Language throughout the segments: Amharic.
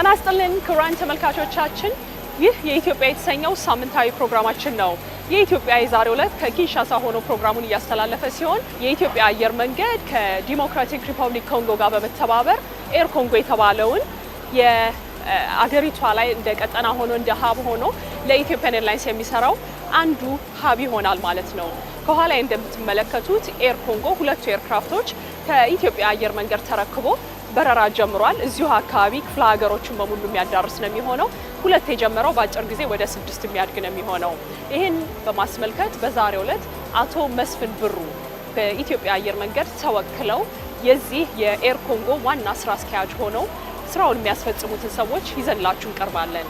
ጤና ይስጥልን ክቡራን ተመልካቾቻችን፣ ይህ የኢትዮጵያ የተሰኘው ሳምንታዊ ፕሮግራማችን ነው። የኢትዮጵያ የዛሬ ዕለት ከኪንሻሳ ሆኖ ፕሮግራሙን እያስተላለፈ ሲሆን የኢትዮጵያ አየር መንገድ ከዲሞክራቲክ ሪፐብሊክ ኮንጎ ጋር በመተባበር ኤር ኮንጎ የተባለውን የአገሪቷ ላይ እንደ ቀጠና ሆኖ እንደ ሀብ ሆኖ ለኢትዮጵያን ኤርላይንስ የሚሰራው አንዱ ሀብ ይሆናል ማለት ነው። ከኋላ እንደምትመለከቱት ኤር ኮንጎ ሁለቱ ኤርክራፍቶች ከኢትዮጵያ አየር መንገድ ተረክቦ በረራ ጀምሯል። እዚሁ አካባቢ ክፍለ ሀገሮችን በሙሉ የሚያዳርስ ነው የሚሆነው። ሁለት የጀመረው በአጭር ጊዜ ወደ ስድስት የሚያድግ ነው የሚሆነው። ይህን በማስመልከት በዛሬው ዕለት አቶ መስፍን ብሩ በኢትዮጵያ አየር መንገድ ተወክለው የዚህ የኤር ኮንጎ ዋና ስራ አስኪያጅ ሆነው ስራውን የሚያስፈጽሙትን ሰዎች ይዘንላችሁ እንቀርባለን።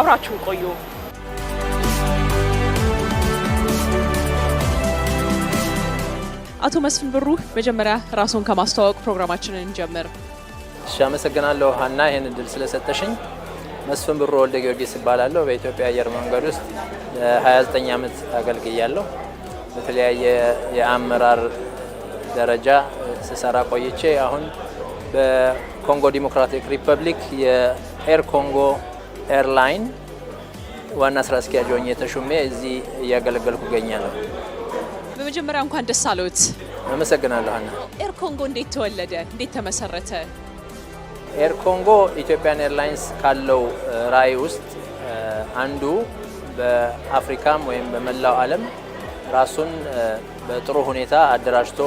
አብራችሁን ቆዩ። አቶ መስፍን ብሩ፣ መጀመሪያ ራስዎን ከማስተዋወቅ ፕሮግራማችንን እንጀምር። እሺ፣ አመሰግናለሁ ሀና ይህን እድል ስለሰጠሽኝ። መስፍን ብሩ ወልደ ጊዮርጊስ እባላለሁ። በኢትዮጵያ አየር መንገድ ውስጥ ለ29 ዓመት አገልግያለሁ። በተለያየ የአመራር ደረጃ ስሰራ ቆይቼ አሁን በኮንጎ ዲሞክራቲክ ሪፐብሊክ የኤር ኮንጎ ኤርላይን ዋና ስራ አስኪያጅ ሆኜ ተሹሜ እዚህ እያገለገልኩ እገኛለሁ። በመጀመሪያ እንኳን ደስ አለዎት። አመሰግናለሁ። ና ኤር ኮንጎ እንዴት ተወለደ? እንዴት ተመሰረተ? ኤር ኮንጎ ኢትዮጵያን ኤርላይንስ ካለው ራዕይ ውስጥ አንዱ በአፍሪካም ወይም በመላው ዓለም ራሱን በጥሩ ሁኔታ አደራጅቶ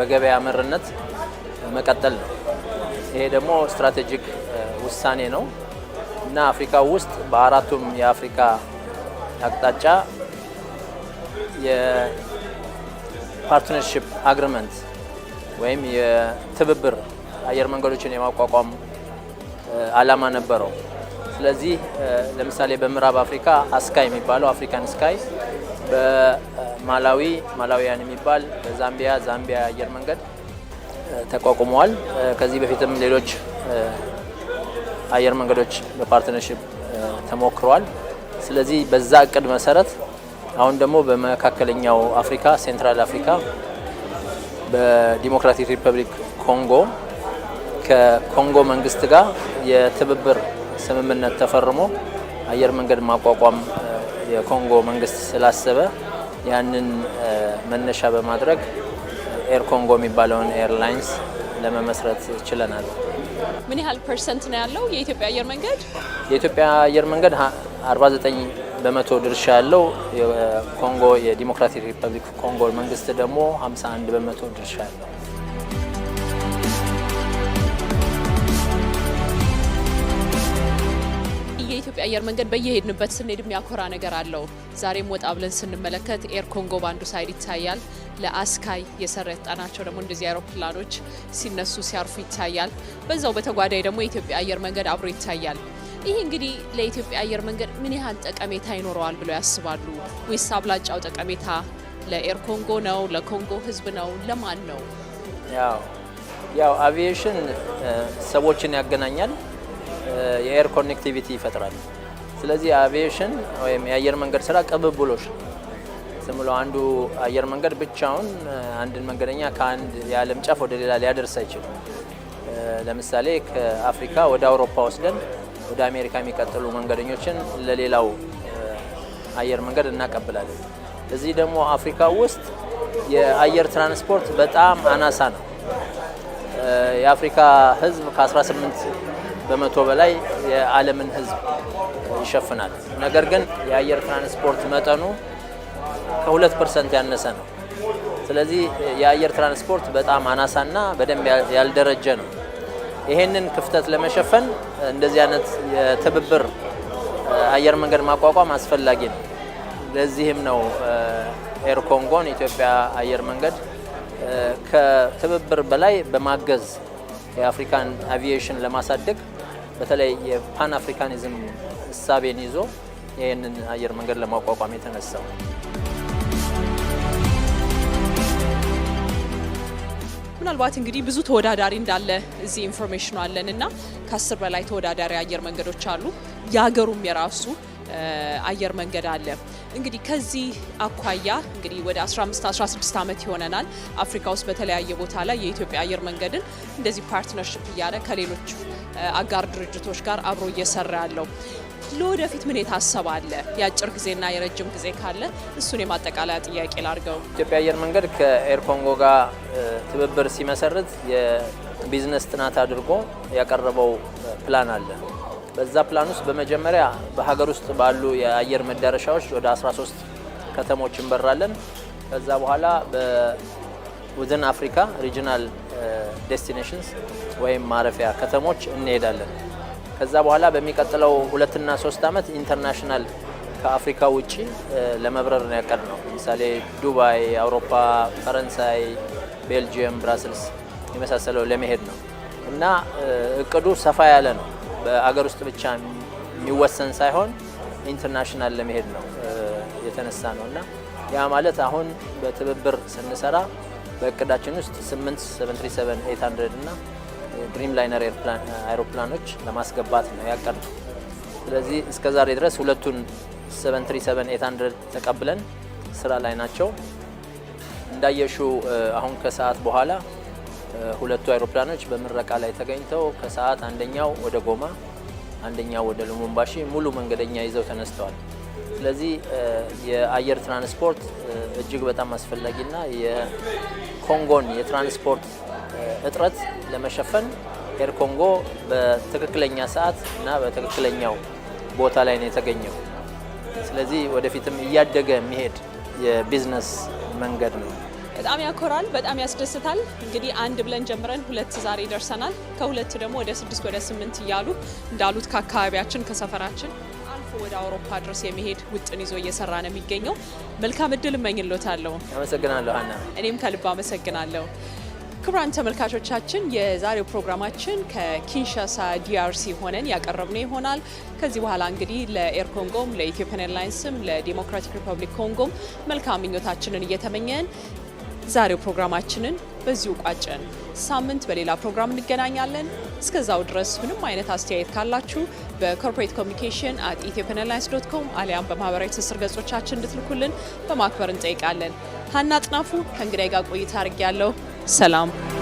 በገበያ መርነት መቀጠል ነው። ይሄ ደግሞ ስትራቴጂክ ውሳኔ ነው እና አፍሪካ ውስጥ በአራቱም የአፍሪካ አቅጣጫ ፓርትነርሽፕ አግሪመንት ወይም የትብብር አየር መንገዶችን የማቋቋም አላማ ነበረው። ስለዚህ ለምሳሌ በምዕራብ አፍሪካ አስካይ የሚባለው አፍሪካን ስካይ፣ በማላዊ ማላዊያን የሚባል በዛምቢያ ዛምቢያ አየር መንገድ ተቋቁመዋል። ከዚህ በፊትም ሌሎች አየር መንገዶች በፓርትነርሽፕ ተሞክረዋል። ስለዚህ በዛ እቅድ መሰረት አሁን ደግሞ በመካከለኛው አፍሪካ ሴንትራል አፍሪካ በዲሞክራቲክ ሪፐብሊክ ኮንጎ ከኮንጎ መንግስት ጋር የትብብር ስምምነት ተፈርሞ አየር መንገድ ማቋቋም የኮንጎ መንግስት ስላሰበ ያንን መነሻ በማድረግ ኤር ኮንጎ የሚባለውን ኤርላይንስ ለመመስረት ችለናል። ምን ያህል ፐርሰንት ነው ያለው የኢትዮጵያ አየር መንገድ? የኢትዮጵያ አየር መንገድ 49 በመቶ ድርሻ ያለው የኮንጎ የዲሞክራቲክ ሪፐብሊክ ኮንጎ መንግስት ደግሞ 51 በመቶ ድርሻ ያለው የኢትዮጵያ አየር መንገድ በየሄድንበት ስንሄድ የሚያኮራ ነገር አለው። ዛሬም ወጣ ብለን ስንመለከት ኤር ኮንጎ በአንዱ ሳይድ ይታያል። ለአስካይ የሰረጠናቸው ደግሞ እንደዚህ አይሮፕላኖች ሲነሱ ሲያርፉ ይታያል። በዛው በተጓዳይ ደግሞ የኢትዮጵያ አየር መንገድ አብሮ ይታያል። ይህ እንግዲህ ለኢትዮጵያ አየር መንገድ ምን ያህል ጠቀሜታ ይኖረዋል ብለው ያስባሉ? ወይስ አብላጫው ጠቀሜታ ለኤር ኮንጎ ነው? ለኮንጎ ህዝብ ነው? ለማን ነው? ያው ያው አቪዬሽን ሰዎችን ያገናኛል፣ የኤር ኮኔክቲቪቲ ይፈጥራል። ስለዚህ አቪዬሽን ወይም የአየር መንገድ ስራ ቅብብሎሽ ዝም ብሎ አንዱ አየር መንገድ ብቻውን አንድን መንገደኛ ከአንድ የዓለም ጫፍ ወደ ሌላ ሊያደርስ አይችልም። ለምሳሌ ከአፍሪካ ወደ አውሮፓ ወስደን ወደ አሜሪካ የሚቀጥሉ መንገደኞችን ለሌላው አየር መንገድ እናቀብላለን። እዚህ ደግሞ አፍሪካ ውስጥ የአየር ትራንስፖርት በጣም አናሳ ነው። የአፍሪካ ህዝብ ከ18 በመቶ በላይ የዓለምን ህዝብ ይሸፍናል። ነገር ግን የአየር ትራንስፖርት መጠኑ ከ2 ፐርሰንት ያነሰ ነው። ስለዚህ የአየር ትራንስፖርት በጣም አናሳና በደንብ ያልደረጀ ነው። ይሄንን ክፍተት ለመሸፈን እንደዚህ አይነት የትብብር አየር መንገድ ማቋቋም አስፈላጊ ነው። ለዚህም ነው ኤር ኮንጎን ኢትዮጵያ አየር መንገድ ከትብብር በላይ በማገዝ የአፍሪካን አቪዬሽን ለማሳደግ በተለይ የፓን አፍሪካኒዝም እሳቤን ይዞ ይህንን አየር መንገድ ለማቋቋም የተነሳው ምናልባት እንግዲህ ብዙ ተወዳዳሪ እንዳለ እዚህ ኢንፎርሜሽኑ አለን እና ከአስር በላይ ተወዳዳሪ አየር መንገዶች አሉ። የሀገሩም የራሱ አየር መንገድ አለ። እንግዲህ ከዚህ አኳያ እንግዲህ ወደ 15 16 ዓመት ይሆነናል አፍሪካ ውስጥ በተለያየ ቦታ ላይ የኢትዮጵያ አየር መንገድን እንደዚህ ፓርትነርሽፕ እያለ ከሌሎች አጋር ድርጅቶች ጋር አብሮ እየሰራ ያለው ለወደፊት ምን የታሰባለ የአጭር ጊዜና የረጅም ጊዜ ካለ እሱን የማጠቃለያ ጥያቄ ላርገው። ኢትዮጵያ አየር መንገድ ከኤር ኮንጎ ጋር ትብብር ሲመሰርት የቢዝነስ ጥናት አድርጎ ያቀረበው ፕላን አለ። በዛ ፕላን ውስጥ በመጀመሪያ በሀገር ውስጥ ባሉ የአየር መዳረሻዎች ወደ 13 ከተሞች እንበራለን። ከዛ በኋላ በውድን አፍሪካ ሪጂናል ዴስቲኔሽንስ ወይም ማረፊያ ከተሞች እንሄዳለን። ከዛ በኋላ በሚቀጥለው ሁለትና ሶስት ዓመት ኢንተርናሽናል ከአፍሪካ ውጭ ለመብረር ነው ያቀድ ነው። ለምሳሌ ዱባይ፣ አውሮፓ፣ ፈረንሳይ፣ ቤልጅየም፣ ብራስልስ የመሳሰለው ለመሄድ ነው እና እቅዱ ሰፋ ያለ ነው። በአገር ውስጥ ብቻ የሚወሰን ሳይሆን ኢንተርናሽናል ለመሄድ ነው የተነሳ ነው እና ያ ማለት አሁን በትብብር ስንሰራ በእቅዳችን ውስጥ 8 737 800 እና ድሪም ላይነር አይሮፕላኖች ለማስገባት ነው ያቀድነው። ስለዚህ እስከ ዛሬ ድረስ ሁለቱን 737 800 ተቀብለን ስራ ላይ ናቸው። እንዳየሹ አሁን ከሰዓት በኋላ ሁለቱ አይሮፕላኖች በምረቃ ላይ ተገኝተው ከሰዓት አንደኛው ወደ ጎማ አንደኛው ወደ ሉሙምባሺ ሙሉ መንገደኛ ይዘው ተነስተዋል። ስለዚህ የአየር ትራንስፖርት እጅግ በጣም አስፈላጊና የኮንጎን የትራንስፖርት እጥረት ለመሸፈን ኤር ኮንጎ በትክክለኛ ሰዓት እና በትክክለኛው ቦታ ላይ ነው የተገኘው። ስለዚህ ወደፊትም እያደገ የሚሄድ የቢዝነስ መንገድ ነው። በጣም ያኮራል፣ በጣም ያስደስታል። እንግዲህ አንድ ብለን ጀምረን ሁለት ዛሬ ደርሰናል። ከሁለት ደግሞ ወደ ስድስት ወደ ስምንት እያሉ እንዳሉት ከአካባቢያችን ከሰፈራችን አልፎ ወደ አውሮፓ ድረስ የሚሄድ ውጥን ይዞ እየሰራ ነው የሚገኘው። መልካም እድል እመኝሎታለሁ። አመሰግናለሁ ሀና። እኔም ከልብ አመሰግናለሁ። ክቡራን ተመልካቾቻችን የዛሬው ፕሮግራማችን ከኪንሻሳ ዲአርሲ ሆነን ያቀረብነው ይሆናል። ከዚህ በኋላ እንግዲህ ለኤር ኮንጎም ለኢትዮጵያን ኤርላይንስም ለዲሞክራቲክ ሪፐብሊክ ኮንጎም መልካም ምኞታችንን እየተመኘን ዛሬው ፕሮግራማችንን በዚሁ ቋጨን። ሳምንት በሌላ ፕሮግራም እንገናኛለን። እስከዛው ድረስ ምንም አይነት አስተያየት ካላችሁ በኮርፖሬት ኮሚኒኬሽን አት ኢትዮጵያን ኤርላይንስ ዶት ኮም አሊያም በማህበራዊ ትስስር ገጾቻችን እንድትልኩልን በማክበር እንጠይቃለን። ሀና ጥናፉ ከእንግዳይ ጋር ቆይታ አድርጌያለሁ። Selam.